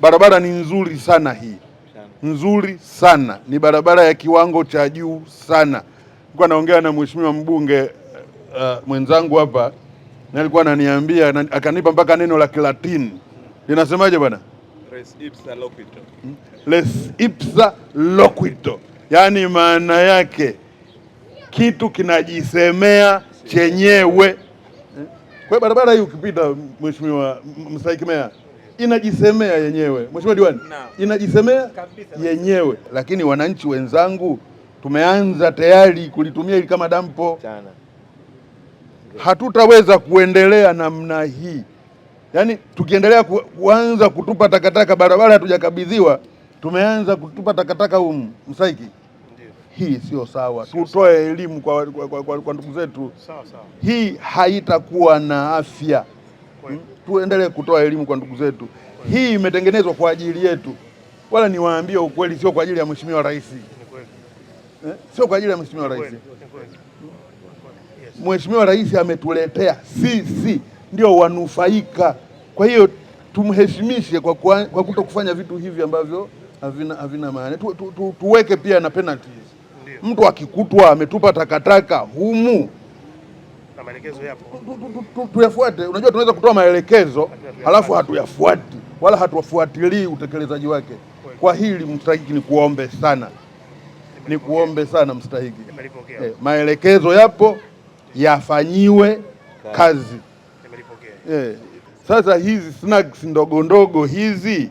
Barabara ni nzuri sana hii, nzuri sana ni barabara ya kiwango cha juu sana. Nilikuwa naongea na mheshimiwa mbunge uh, mwenzangu hapa, na alikuwa ananiambia akanipa mpaka neno la Kilatini linasemaje bwana? Res ipsa loquito. Hmm? Res ipsa loquito, yaani maana yake kitu kinajisemea chenyewe. Eh? Kwa barabara hii ukipita, mheshimiwa msaikimea inajisemea yenyewe, Mheshimiwa Diwani, inajisemea kabisa yenyewe. Lakini wananchi wenzangu, tumeanza tayari kulitumia hili kama dampo. Hatutaweza kuendelea namna hii, yaani tukiendelea kuanza kutupa takataka barabara, hatujakabidhiwa tumeanza kutupa takataka humu Msaiki. Hii sio sawa, tutoe elimu kwa, kwa, kwa, kwa, kwa ndugu zetu. Sawa sawa, hii haitakuwa na afya. Hmm? tuendelee kutoa elimu kwa ndugu zetu. Hii imetengenezwa kwa ajili yetu, wala niwaambie ukweli, sio kwa ajili ya mheshimiwa rais eh, sio kwa ajili ya mheshimiwa rais. Mheshimiwa rais ametuletea sisi, ndio wanufaika. Kwa hiyo tumheshimishe kwa, kwa, kwa kuto kufanya vitu hivi ambavyo havina, havina maana tu, tu, tu, tuweke pia na penalties. Mtu akikutwa ametupa takataka humu na maelekezo yapo, tuyafuate. Unajua, tunaweza kutoa maelekezo halafu hatuyafuati wala hatuwafuatilii utekelezaji wake. Kwa hili mstahiki, ni kuombe sana, ni kuombe sana mstahiki, eh, maelekezo yapo yafanyiwe kazi eh. Sasa hizi snacks ndogo ndogo hizi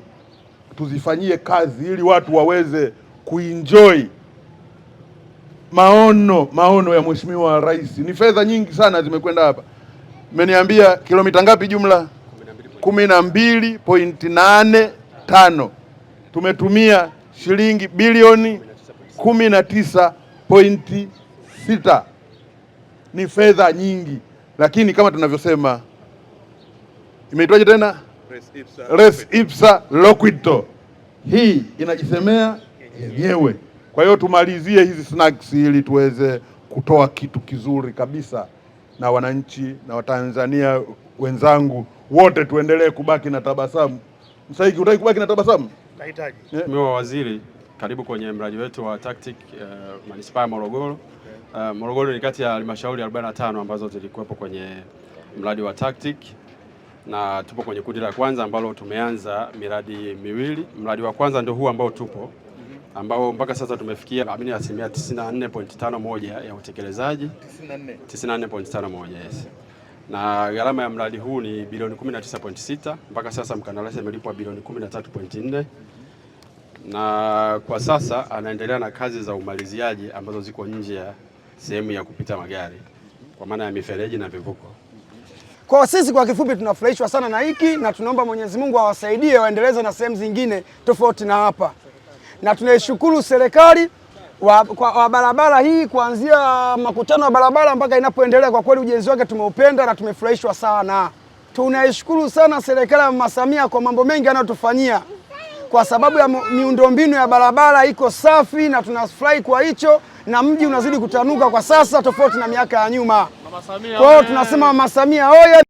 tuzifanyie kazi ili watu waweze kuenjoy maono maono ya mheshimiwa rais. Ni fedha nyingi sana zimekwenda hapa. Mmeniambia kilomita ngapi jumla? kumi na mbili pointi nane tano. Tumetumia shilingi bilioni kumi na tisa pointi sita. Ni fedha nyingi, lakini kama tunavyosema imeitwaje tena, res ipsa loquito, hii inajisemea yenyewe. Kwa hiyo tumalizie hizi snacks ili tuweze kutoa kitu kizuri kabisa, na wananchi na Watanzania wenzangu wote tuendelee kubaki na tabasamu. Msaiki, unataka kubaki na tabasamu? Nahitaji. Eh? Mheshimiwa Waziri, karibu kwenye mradi wetu wa TACTIC uh, manispaa ya Morogoro. Uh, Morogoro ni kati ya halmashauri 45 ambazo zilikuwepo kwenye mradi wa TACTIC na tupo kwenye kundi la kwanza ambalo tumeanza miradi miwili. Mradi wa kwanza ndio huu ambao tupo ambao mpaka sasa tumefikia naamini asilimia 94.51 ya utekelezaji 94.51, yes. Na gharama ya mradi huu ni bilioni 19.6. Mpaka sasa mkandarasi amelipwa bilioni 13.4, na kwa sasa anaendelea na kazi za umaliziaji ambazo ziko nje ya sehemu ya kupita magari kwa maana ya mifereji na vivuko. Kwa sisi kwa kifupi, tunafurahishwa sana na hiki na tunaomba Mwenyezi Mungu awasaidie waendeleze na sehemu zingine tofauti na hapa na tunaishukuru serikali wa, kwa, wa barabara hii kuanzia makutano ya barabara mpaka inapoendelea. Kwa kweli ujenzi wake tumeupenda na tumefurahishwa sana. Tunaishukuru sana serikali ya Mama Samia kwa mambo mengi anayotufanyia, kwa sababu ya miundombinu ya barabara iko safi na tunafurahi kwa hicho, na mji unazidi kutanuka kwa sasa, tofauti na miaka ya nyuma. Kwa hiyo tunasema Mama Samia oye!